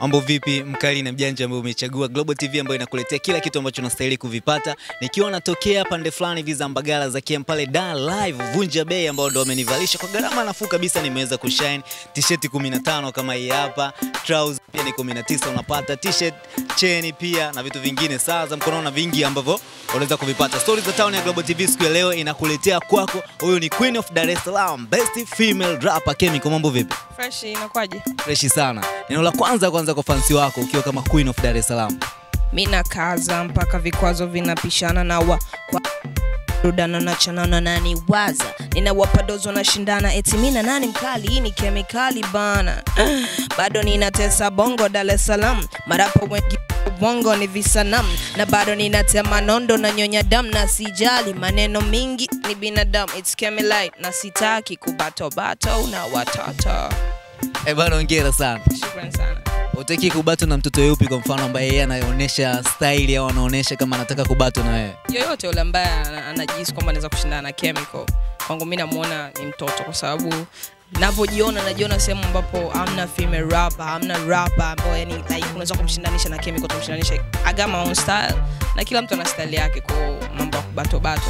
Mambo vipi, mkali na mjanja ambaye umechagua Global TV ambayo inakuletea kila kitu ambacho unastahili kuvipata. Nikiwa natokea pande fulani hivi za Mbagala za Kiem pale da Live Vunja Bei ambao ndo wamenivalisha kwa gharama nafuu kabisa, nimeweza kushine t-shirt 15 kama hii hapa, trousers pia ni 19 unapata t-shirt, cheni pia na vitu vingine, saa za mkono na vingi ambavyo unaweza kuvipata. Stories za Town ya Global TV siku ya leo inakuletea kwako. Huyu ni Queen of Dar es Salaam, best female rapper Chemical. Mambo vipi? Fresh, inakwaje? Fresh sana. Neno la kwanza kwanza kwa fansi wako ukiwa kama Queen of Dar es Salaam. Mimi nakaza mpaka vikwazo vinapishana na wa kwa rudana nachanana nani waza ninawapa dozo na shindana mina nani mkali hii ni kemikali bana bado ninatesa bongo Dar es Salaam marapo wengi bongo ni visanam na bado ninatema nondo na nyonya damu na sijali maneno mingi ni binadamu it's kemilite na sitaki kubatobato na watata. Eh bwana, sana. Shukrani sana utaki kubatwa na mtoto yupi kwa mfano ambaye yeye anaonyesha style au anaonyesha kama anataka kubatwa na wewe yoyote yule ambaye anajihisi kwamba anaweza kushindana na chemical kwangu mi namuona ni mtoto kwa sababu navyojiona najiona sehemu ambapo amna female rapper, amna rapper ambayo yani like unaweza kumshindanisha na Chemical, kumshindanisha Agama on style, na kila mtu ana style yake, kwa mambo ya kubato bato.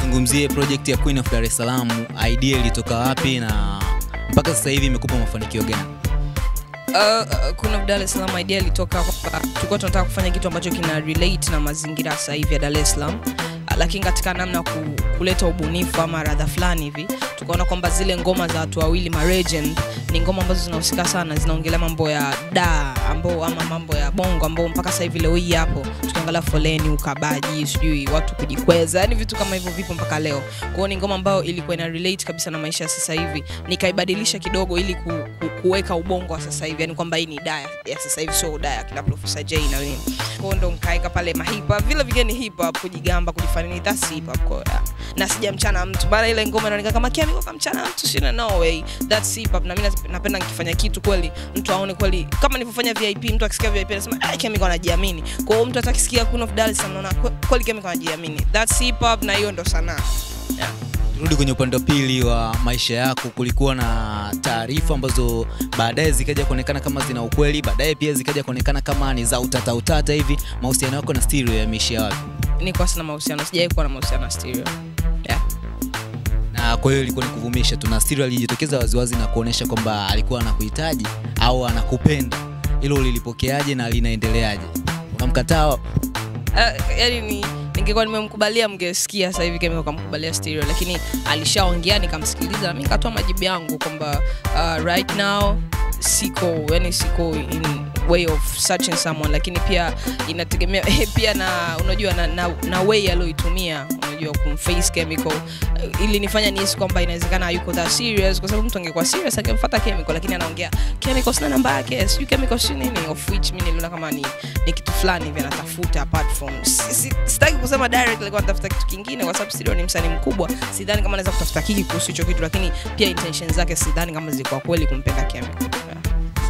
Zungumzie project ya Queen of Dar es Salaam, idea ilitoka wapi na mpaka sasa hivi imekupa mafanikio gani? Uh, kuna Dar es Salaam idea ilitoka kwamba tulikuwa tunataka kufanya kitu ambacho kina relate na mazingira sasa hivi ya Dar es Salaam lakini katika namna ku, kuleta ubunifu ama radha fulani hivi tukaona kwamba zile ngoma za watu wawili marejen ni ngoma ambazo zinahusika sana zinaongelea mambo ya da ambao ama mambo ya bongo ambao mpaka sasa hivi leo hii hapo tukiangalia foleni ukabaji sijui watu kujikweza yani vitu kama hivyo vipo mpaka leo kwao ni ngoma ambayo ilikuwa ina relate kabisa na maisha ya sasa hivi nikaibadilisha kidogo ili ku, ku, kuweka ubongo wa sasa hivi yani kwamba hii ni da ya sasa hivi sio da ya kina profesa j na nini yako ndo mkaeka pale mahip vile vigeni hip hop kujigamba kujifanini that's hip hop kwa ya. na sijamchana mtu bara ile ngoma inaonekana kama kia niko mchana mtu sina no way that's hip hop na mimi napenda nikifanya kitu kweli mtu aone kweli kama nilivyofanya VIP mtu akisikia VIP anasema eh kia miko anajiamini kwa hiyo mtu atakisikia Queen of Dar anaona kweli kia miko anajiamini that's hip hop na hiyo ndo sanaa yeah. Rudi kwenye upande wa pili wa maisha yako, kulikuwa na taarifa ambazo baadaye zikaja kuonekana kama zina ukweli, baadaye pia zikaja kuonekana kama ni za utata utata hivi. Mahusiano yako na Stereo yameishia wapi? Nilikuwa sina mahusiano, sijawahi kuwa na mahusiano na Stereo. kwa hiyo ilikuwa ni kuvumisha tu, na Stereo alijitokeza waziwazi na kuonesha kwamba alikuwa anakuhitaji au anakupenda. Hilo ulilipokeaje na linaendeleaje? Unamkataa? Uh, yani ni ningekuwa nimemkubalia mngesikia sasa hivi kama kamkubalia stereo, lakini alishaongea nikamsikiliza, na mimi nikatoa majibu yangu kwamba uh, right now siko yani siko in way of searching someone, lakini pia inategemea eh, pia na unajua na, na, na way aliyoitumia unajua kumface Chemical uh, eh, ili nifanya nihisi kwamba inawezekana yuko that serious, kwa sababu mtu angekuwa serious angemfuata Chemical, lakini anaongea Chemical sina namba yake, sio Chemical sio nini, of which mimi niliona kama ni, ni kitu fulani hivi anatafuta apart from sitaki kusema direct alikuwa anatafuta kitu kingine, kwa sababu sio ni msanii mkubwa, sidhani kama anaweza kutafuta kiki kuhusu hicho kitu, lakini pia intentions zake sidhani kama zilikuwa kweli kumpenda Chemical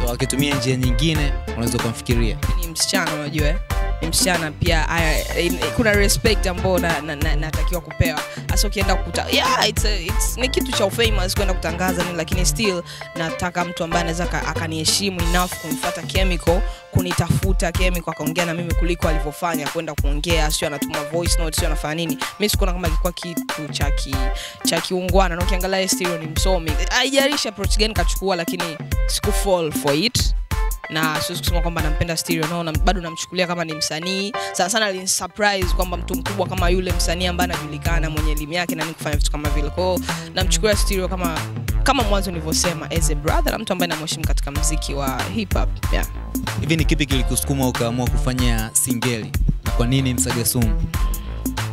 so akitumia njia nyingine unaweza ukamfikiria ni msichana unajua eh? msichana pia haya, in, kuna respect ambayo natakiwa na, na, na kupewa hasa ukienda kukuta yeah, it's a, it's, ni kitu cha famous kwenda kutangaza nini, lakini still nataka mtu ambaye anaweza akaniheshimu enough kumfuata Chemical kunitafuta Chemical akaongea na mimi kuliko alivyofanya kwenda kuongea, sio anatuma voice note, sio anafanya nini. Mimi sikuona kama kilikuwa kitu cha ki, cha kiungwana, na ukiangalia Stereo ni msomi, haijalishi approach gani kachukua, lakini siku fall for it na siwezi kusema kwamba nampenda stereo no, na, bado namchukulia kama ni msanii sana sana alinsurprise kwamba mtu mkubwa kama yule msanii ambaye anajulikana mwenye elimu yake na kufanya vitu kama vile kwao namchukulia stereo kama kama mwanzo nilivyosema as a brother na mtu ambaye namheshimu katika mziki wa hip hop yeah. hivi ni kipi kilikusukuma ukaamua kufanya singeli na kwa nini msaga sumu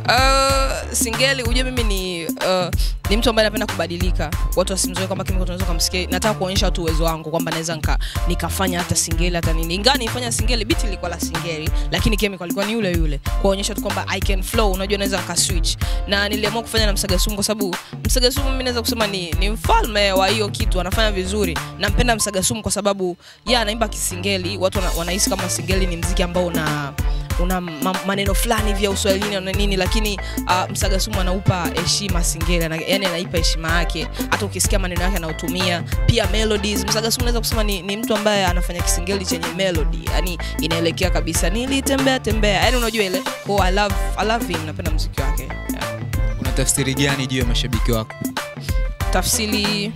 Uh, singeli uje mimi ni uh, ni mtu ambaye napenda kubadilika watu wasimzoe kwamba kimko tunaweza kumsikia nataka kuonyesha watu uwezo wangu kwamba naweza nika, nikafanya hata singeli hata nini ingawa nifanya singeli biti ilikuwa la singeli lakini chemical alikuwa ni yule yule kuonyesha tu kwamba i can flow unajua naweza nika switch na niliamua kufanya na Msaga Sumu kwa sababu Msaga Sumu mimi naweza kusema ni, ni mfalme wa hiyo kitu anafanya vizuri nampenda Msaga Sumu kwa sababu yeye anaimba kisingeli watu wanahisi kama singeli ni mziki ambao una una maneno fulani vya uswahilini na nini, lakini uh, ah, Msaga Sumu anaupa heshima Singeli na, yani anaipa heshima yake, hata ukisikia maneno yake anautumia pia melodies. Msaga Sumu unaweza kusema ni, ni mtu ambaye anafanya Kisingeli chenye melody, yani inaelekea kabisa nilitembea tembea, yani unajua ile oh, I love, I love him, napenda muziki wake yeah. Una tafsiri gani juu ya mashabiki wako? Tafsiri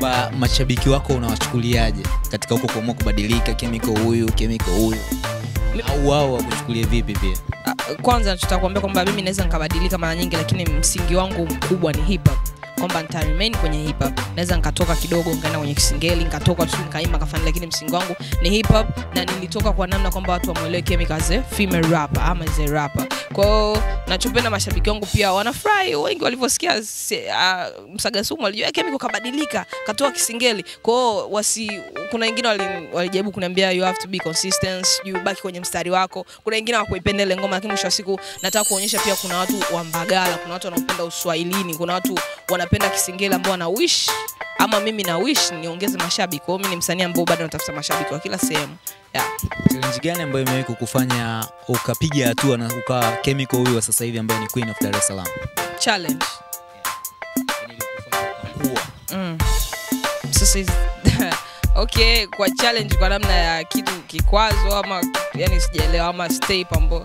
ba mashabiki wako unawachukuliaje katika huko kuamua kubadilika, kemiko huyu kemiko huyu? au wao wakuchukulie vipi pia? Ah, kwanza tutakuambia kwamba mimi naweza nikabadilika mara nyingi, lakini msingi wangu mkubwa ni hip hop kwamba nita remain kwenye hip hop naweza nikatoka kidogo nikaenda kwenye kisingeli nikatoka tu nikaimba kafanya lakini msingi wangu ni hip hop na nilitoka kwa namna kwamba watu wamuelewe Chemical as female rapper ama ze a rapper kwao nachopenda mashabiki wangu pia wanafurahi wengi walivyosikia uh, msagasumu walijua eh, Chemical kabadilika katoa kisingeli kwao wasi kuna wengine walijaribu kuniambia you have to be consistent you baki kwenye mstari wako kuna wengine hawakuipenda ile ngoma lakini mwisho wa siku nataka kuonyesha pia kuna watu wa Mbagala kuna watu wanaopenda uswahilini kuna watu wana anapenda Kisingeli ambao ana wish ama mimi na wish niongeze mashabiki. Kwa hiyo mimi ni msanii ambao bado natafuta mashabiki wa kila sehemu. Yeah. Challenge gani ambayo imewahi kukufanya ukapiga hatua na ukawa chemical huyu wa sasa hivi ambaye ni Queen of Dar es Salaam? Challenge. Mm. Sasa okay, kwa challenge kwa namna ya kitu kikwazo ama yani sijaelewa ama step ambayo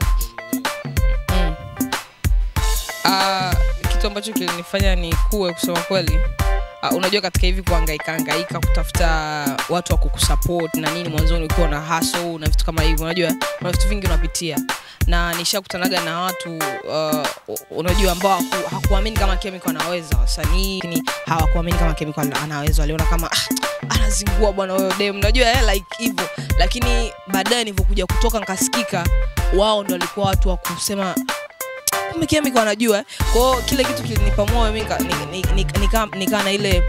mm. uh, kitu ambacho kilinifanya ni kuwe kusema kweli uh, unajua katika hivi kuangaika angaika kutafuta watu wa kukusupport na nini mwanzoni ukiwa na hustle na vitu kama hivyo unajua kuna vitu vingi unapitia na nishakutanaga na watu uh, unajua ambao hakuamini kama Chemical anaweza wasanii hawakuamini kama Chemical anaweza waliona kama ah, anazingua bwana huyo dem unajua eh, like hivyo lakini baadaye nilivyokuja kutoka nkasikika wao ndo walikuwa watu wa kusema kumbe anajua eh. kwao kile kitu kilinipa moyo mi nikaa nika, nika, nika na ile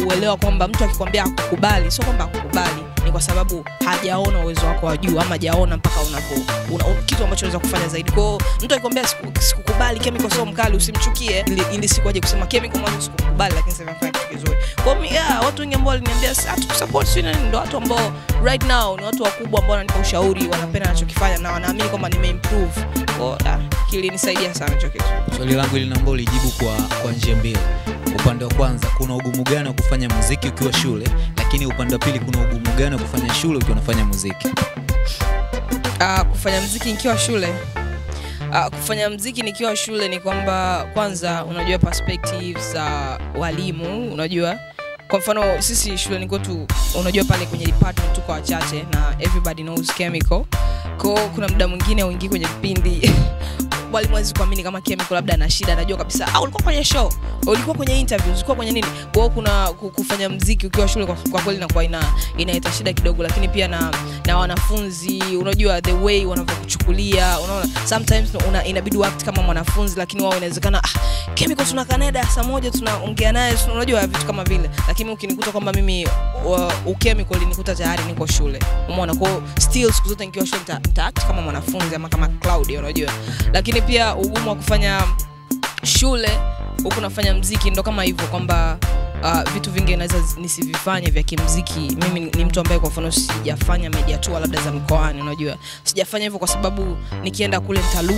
uh, uelewa kwamba mtu akikwambia akukubali sio kwamba akukubali ni kwa sababu hajaona uwezo wako wa juu ama hajaona mpaka unapo una, kitu ambacho unaweza kufanya zaidi. kwao. mtu akikwambia sikukubali kemi kwa sababu mkali, usimchukie ili, ili siku aje kusema kwa mwanzo sikukubali, lakini sasa nafanya kitu kizuri. Kwa hiyo yeah, watu wengi ambao waliniambia ah, support sio nini, ndio watu ambao right now ni watu wakubwa ambao wananipa ushauri, wanapenda ninachokifanya na wanaamini kwamba nimeimprove. Kwa hiyo kilinisaidia sana hicho kitu. Swali langu ili naomba ulijibu kwa kwa njia mbili upande wa kwanza kuna ugumu gani wa kufanya muziki ukiwa shule lakini upande wa pili kuna ugumu gani wa kufanya shule ukiwa unafanya muziki uh, kufanya muziki nikiwa shule uh, kufanya mziki nikiwa shule ni kwamba kwanza unajua perspectives za uh, walimu unajua kwa mfano sisi shuleni kwetu unajua pale kwenye department tuko wachache na everybody knows chemical ko kuna muda mwingine uingii kwenye vipindi walimu hawezi kuamini kama kemiko labda ana shida, anajua kabisa au ulikuwa kwenye show, ulikuwa kwenye interview ulikuwa kwenye nini. Kwa kuna kufanya mziki ukiwa shule kwa, kwa kweli inakuwa ina inaleta shida kidogo, lakini pia na na wanafunzi, unajua the way wanavyokuchukulia, unaona sometimes una, inabidi act kama mwanafunzi, lakini wao inawezekana ah, Chemical tunakaa naye darasa moja, tunaongea naye, unajua vitu kama vile, lakini ukinikuta kwamba mimi ukemiko ulinikuta tayari niko shule, umona Kwa still siku zote nikiwa shule nita, act kama mwanafunzi ama kama cloud unajua lakini lakini pia ugumu wa kufanya shule huku nafanya mziki ndo kama hivyo kwamba uh, vitu vingi naweza nisivifanye vya kimziki. Mimi ni mtu ambaye kwa mfano sijafanya media tour labda za mkoani, unajua sijafanya hivyo kwa sababu nikienda kule nita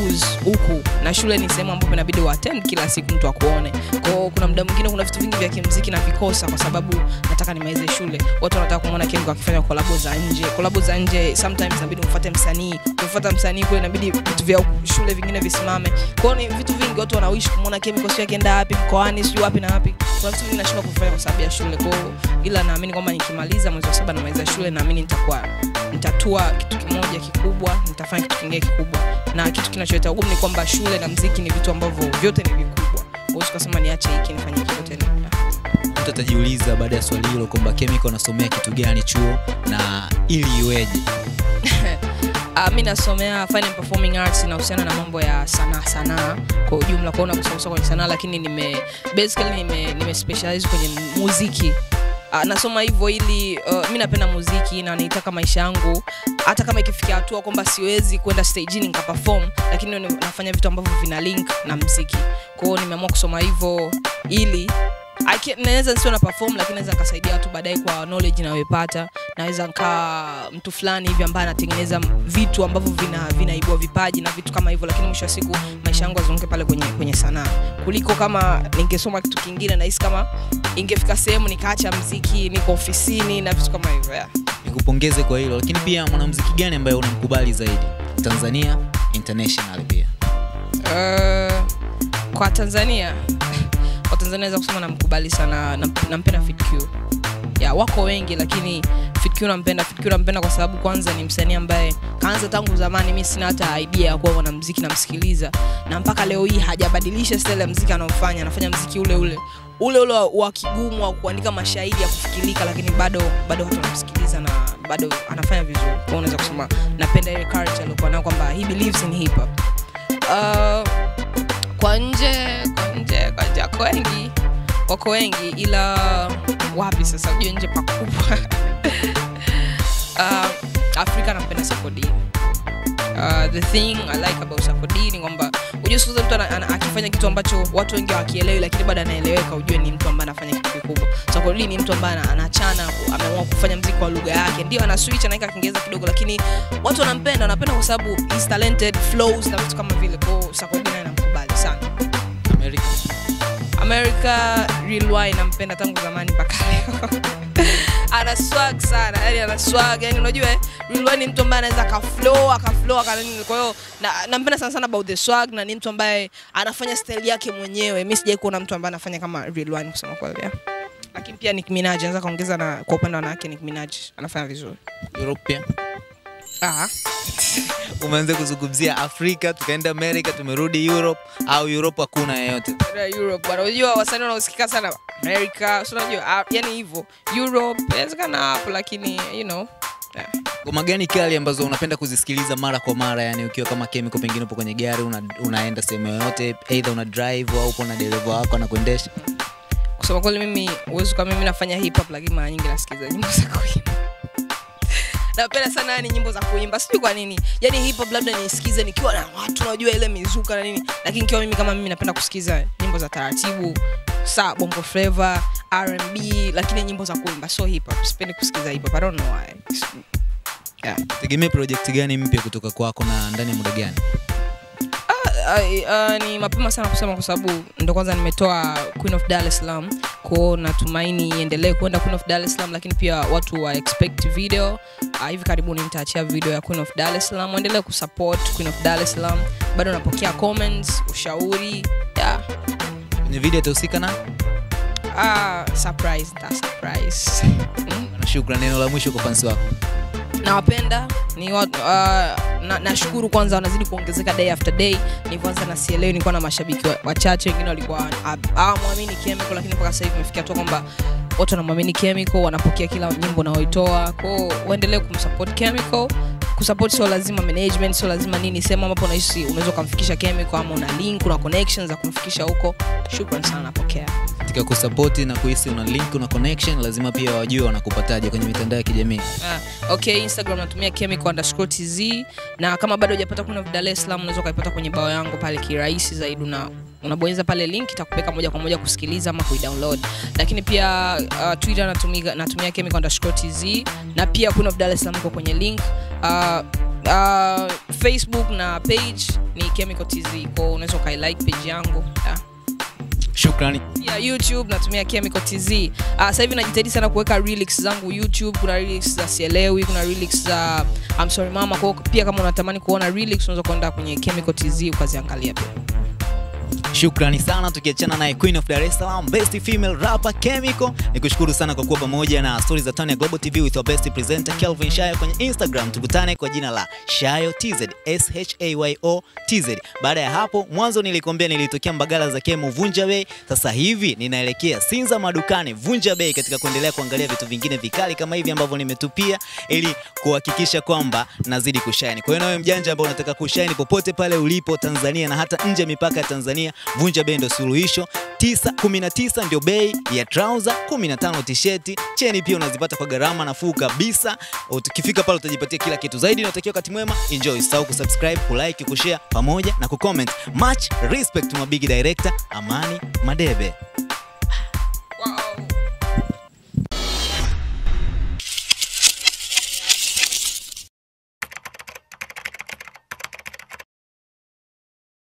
huku, na shule ni sehemu ambapo inabidi uattend kila siku mtu akuone. Kwa hiyo kuna muda mwingine kuna vitu vingi vya kimziki na vikosa kwa sababu nataka nimalize shule. Watu wanataka kumwona Kengo akifanya kolabo za nje. Kolabo za nje sometimes inabidi umfuate msanii, umfuate msanii kule inabidi vitu vya shule vingine visimame. Kwa hiyo ni vitu vingi watu wanawishi kumwona Kengo sio akienda wapi mkoani, sio wapi na wapi. Kuna vitu vingi nashindwa kufanya kwa sababu ya shule kwao, ila naamini kwamba nikimaliza mwezi wa saba namaliza shule, naamini nitakuwa nitatua kitu kimoja kikubwa, nitafanya kitu kingine kikubwa, na kitu kinacholeta ugumu ni kwamba shule na mziki ni vitu ambavyo vyote ni vikubwa, huwezi kusema niache hiki nifanye kitu tena. Mtu atajiuliza baada ya swali hilo kwamba Chemical anasomea kitu gani chuo na ili iweje? Uh, ah, mi nasomea Fine and Performing Arts inahusiana na mambo ya sanaa sanaa kwa ujumla, kwaona kusomasoa kwenye sanaa, lakini nime basically nime, nime specialize kwenye muziki uh, nasoma hivyo ili uh, mi napenda muziki na naitaka maisha yangu, hata kama ikifikia hatua kwamba siwezi kwenda stagini nikaperform, lakini nafanya vitu ambavyo vina link na mziki. Kwa hiyo nimeamua kusoma hivyo ili naweza nisiwe na perform, lakini naweza kasaidia watu baadaye kwa knowledge inayopata naweza nkaa mtu fulani hivi ambaye anatengeneza vitu ambavyo vinaibua vina vipaji na vitu kama hivyo, lakini mwisho wa siku maisha yangu azunguke pale kwenye, kwenye sanaa kuliko kama ningesoma kitu kingine. Nahisi kama ingefika sehemu nikaacha mziki, niko ofisini na vitu kama hivyo. Nikupongeze kwa hilo, lakini pia mwanamziki gani ambaye unamkubali zaidi Tanzania, international pia? Uh, kwa Tanzania Watanzania naweza kusema namkubali sana, nampenda na, Q ya wako wengi, lakini Fitkiu nampenda. Fitkiu nampenda kwa sababu kwanza ni msanii ambaye kaanza tangu zamani, mimi sina hata idea ya kuwa mwanamuziki namsikiliza, na mpaka leo hii hajabadilisha style ya muziki anaofanya, anafanya muziki ule ule ule ule wa kigumu wa kuandika mashairi ya kufikirika, lakini bado bado watu wanamsikiliza na bado anafanya vizuri. Kwa unaweza kusema napenda ile character aliyokuwa nayo kwamba he believes in hip hop. Uh, kwa nje kwa nje kwa nje wako wengi wako wengi ila wapi sasa ujue nje pakubwa uh, afrika anapenda sakodini uh, the thing i like about sakodini kwamba ujue siku mtu akifanya kitu ambacho watu wengi hawakielewi lakini bado anaeleweka ujue ni mtu ambaye anafanya kitu kikubwa sakodini ni mtu ambaye anachana ameamua kufanya mziki kwa lugha yake ndio ana switch anaweka kingeza kidogo lakini watu wanampenda wanapenda kwa sababu is talented flows na vitu kama vile kwao sakodini America Real Y nampenda tangu zamani mpaka leo. ana swag sana, yani ana swag, yani unajua eh, Real Y ni mtu ambaye anaweza akaflow akaflow aka nini. Kwa hiyo nampenda sana sana about the swag na ni mtu ambaye anafanya style yake mwenyewe. Mimi sijai kuona mtu ambaye anafanya kama Real Y kusema kweli. Yeah. Lakini pia Nicki Minaj anaweza kaongeza na kwa upande wa wanawake Nicki Minaj anafanya vizuri. Europe pia. umeanza kuzungumzia Afrika, tukaenda Amerika, tumerudi Europe au Europe hakuna yeyote. Europe unajua wasanii wanaosikika sana Amerika, so unajua ah, yani hivyo Europe inawezekana hapo, lakini you know yeah. Ngoma gani kali ambazo unapenda kuzisikiliza mara kwa mara, yani ukiwa kama kemiko pengine upo kwenye gari una, unaenda sehemu yoyote, eidha una drive au upo na dereva wako anakuendesha? Kusema kweli, mimi uwezo kwa mimi nafanya hip hop, lakini mara nyingi nasikiliza nyimbo za kuimba napenda sana yani nyimbo za kuimba sijui kwa nini yani hip hop labda nisikize nikiwa na watu najua ile mizuka na nini lakini kiwa mimi kama mimi napenda kusikiza nyimbo za taratibu saa bongo flava rb lakini nyimbo za kuimba so hip hop sipendi kusikiza hip hop i don't know why yeah. Tegemea project gani mpya kutoka kwako na ndani ya muda gani uh, uh, ni mapema sana kusema kwa sababu ndo kwanza nimetoa Queen of Dar es Salaam, kwao natumaini iendelee kwenda Queen of Dar es Salaam, lakini pia watu wa expect video uh, hivi karibuni nitaachia video ya Queen of Dar es Salaam. Endelee kusupport Queen of Dar es Salaam, bado napokea comments, ushauri yeah. Ni video itahusika na uh, surprise, ta surprise. Shukrani, neno la mwisho kwa fans wako. Nawapenda ni watu uh, nashukuru na, kwanza wanazidi kuongezeka day after day. Nilivyoanza na CLA nilikuwa na mashabiki wachache, wa wengine walikuwa ah, hawamwamini Chemical, lakini mpaka sasa hivi imefikia tu kwamba watu wanamwamini Chemical, wanapokea kila nyimbo unaoitoa. Kwao waendelee kumsupport Chemical kusupport sio lazima management, sio lazima nini. Sehemu ambapo unaishi unaweza ukamfikisha Chemical, ama una link, una connections za kumfikisha huko. Shukrani sana, napokea katika kusapoti na kuhisi una link una connection, lazima pia wajue wanakupataje kwenye mitandao ya kijamii. Ah, okay, Instagram natumia chemical underscore tz, na kama bado hujapata kuna Dar es Salaam, unaweza ukaipata kwenye bao yangu pale kirahisi zaidi, na unabonyeza pale link itakupeka moja kwa moja kusikiliza ama kuidownload. Lakini pia uh, Twitter natumia, natumia chemical underscore tz, na pia kuna of Dar es Salaam iko kwenye link uh, uh, facebook na page ni chemical tz kwao unaweza ukailike page yangu yeah shukrani ya yeah, youtube natumia chemical tz uh, sasa hivi najitahidi sana kuweka relics zangu youtube kuna relics za sielewi kuna relics za uh, I'm sorry mama kwao pia kama unatamani kuona relics unaweza kuenda kwenye chemical tz ukaziangalia pia Shukrani sana, tukiachana naye Queen of Dar es Salaam, best female rapper Chemical. Nikushukuru sana kwa kuwa pamoja na stories za Tanya Global TV with our best presenter Kelvin Shayo kwenye Instagram. Tukutane kwa jina la Shayo TZ, S H A Y O TZ. Baada ya hapo, mwanzo nilikwambia nilitokea Mbagala za Kemu Vunja Bay, sasa hivi ninaelekea Sinza madukani Vunja Bay katika kuendelea kuangalia vitu vingine vikali kama hivi ambavyo nimetupia ili kuhakikisha kwamba nazidi kushine. Kwa hiyo nawe mjanja ambao unataka kushine popote pale ulipo Tanzania na hata nje mipaka ya Tanzania Vunja bei ndo suluhisho. 919 ndio bei ya trouser, 15 tisheti. Cheni pia unazipata kwa gharama nafuu kabisa. Ukifika pale utajipatia kila kitu. Zaidi natakia wakati mwema, enjoy. Sahau kusubscribe, kulike, kushare pamoja na kucomment. Much respect mwa big director Amani Madebe.